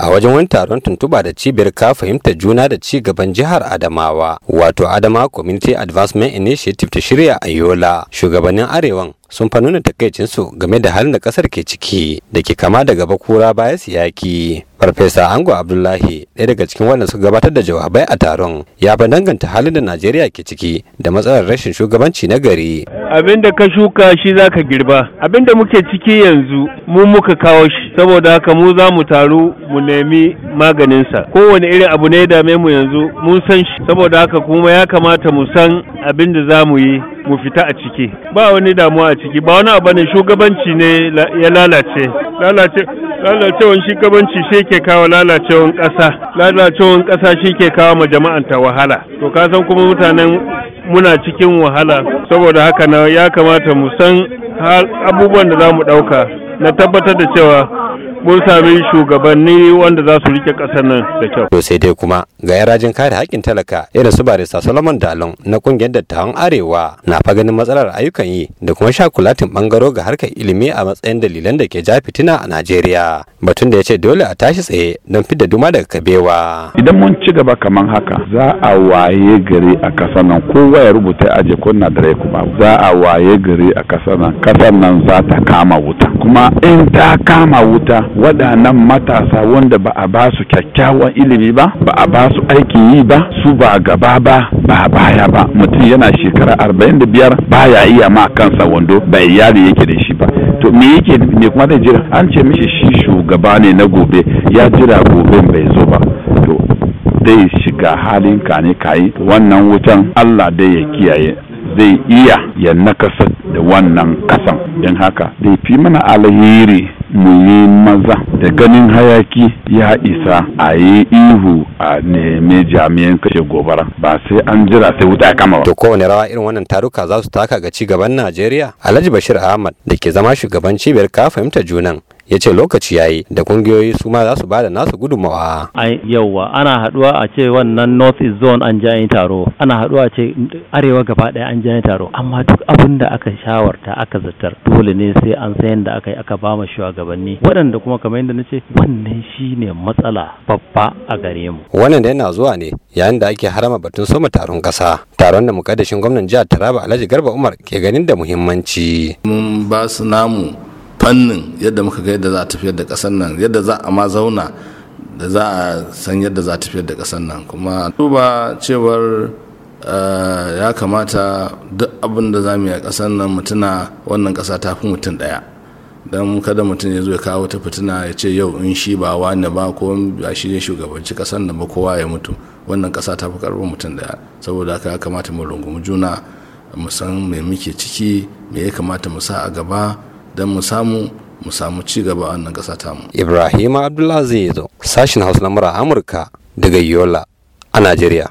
a wajen wani taron tuntuba da cibiyar ka fahimta juna da ci gaban jihar Adamawa wato Adama Community Advancement Initiative ta shirya a Yola shugabannin arewan sun fa nuna takaicinsu game da halin da kasar ke ciki da ke kama daga bakura baya yaki farfesa ango abdullahi ɗaya daga cikin wanda suka gabatar da jawabai a taron ya ba danganta halin da najeriya ke ciki da matsalar rashin shugabanci na gari abin da ka shuka shi za ka girba abin da muke ciki yanzu mu muka kawo shi saboda haka mu za mu taru mu nemi maganinsa kowane irin abu ne ya dame mu yanzu mun san shi saboda haka kuma ya kamata mu san abin da za mu yi mu fita a ciki ba wani damuwa a ciki ba wani abu ne shugabanci ne ya lalace lalace lalacewan shugabanci shi ke kawo lalacewan ƙasa lalacewan ƙasa shi ke kawo ma jama'anta wahala to ka san kuma mutanen muna cikin wahala saboda haka na ya kamata mu san abubuwan da za mu ɗauka na tabbatar da cewa mun sami shugabanni wanda za su rike ƙasar nan da kyau. To sai dai kuma ga rajin kare haƙƙin talaka irin su barista Solomon Dalon na ƙungiyar dattawan Arewa na fa ganin matsalar ayyukan yi da kuma sha kulatin ɓangaro ga harkar ilimi a matsayin dalilan da ke ja fitina a Najeriya. Batun da ya ce dole a tashi tsaye don fidda duma daga kabewa. Idan mun ci gaba kamar haka za a waye gari a ƙasar nan kowa ya rubuta aje kunna dare kuma za a waye gari a ƙasar nan ƙasar nan za ta kama wuta. kuma in ta kama wuta waɗannan matasa wanda ba a ba su kyakkyawan ilimi ba ba a ba su aikin yi ba su ba gaba ba ba baya ba mutum yana shekara arba'in da biyar baya iya ma kansa wando ba iyali yake da shi ba to me yake me kuma zai jira an ce mishi shi shugaba ne na gobe ya jira gobe bai zo ba to zai shiga halin kane kayi wannan wutan Allah dai ya kiyaye zai iya ya nakasar wannan kasan don haka zai fi mana alheri mu yi maza da ganin hayaki ya isa a yi ihu a neme jami'an kashe gobara ba sai an jira sai wuta kama ba. To kowane rawa irin wannan taruka za su taka ga ci gaban Najeriya? Alhaji Bashir Ahmad da ke zama shugaban cibiyar ka fahimta junan ya ce lokaci ya yi da kungiyoyi su ma za su bada nasu gudunmawa. Ai yauwa ana haduwa a ce wannan North East Zone an ja taro ana haduwa a ce arewa gaba daya an ja taro amma duk abin da aka shawarta aka zartar dole ne sai an san yadda aka yi aka ba mu shugabanni waɗanda kuma kamar yadda na ce wannan shi ne matsala babba a gare mu. Wannan da yana zuwa ne yayin da ake harama batun soma taron kasa taron da mukaddashin gwamnan jihar Taraba Alhaji Garba Umar ke ganin da muhimmanci. Mun ba su namu fannin yadda muka ga yadda za a tafiyar da ƙasar nan yadda za a ma zauna da za a san yadda za a tafiyar da ƙasar nan kuma duba cewar eh, ya kamata duk abin da za mu yi a ƙasar nan mutuna wannan ƙasa ta fi mutum ɗaya don kada mutum ya zo ya kawo ta fitina ya ce yau in shi ba wani ba ko ba shi ne shugabanci ƙasar nan ba kowa ya mutu wannan ƙasa ta fi karɓar mutum ɗaya saboda haka ya kamata mu rungumi juna mu san me muke ciki me ya kamata mu sa a gaba don mu samu mu samu ci gaba a nan ƙasa tamu. Ibrahim zo sashin Hausa na Amurka daga Yola a Najeriya.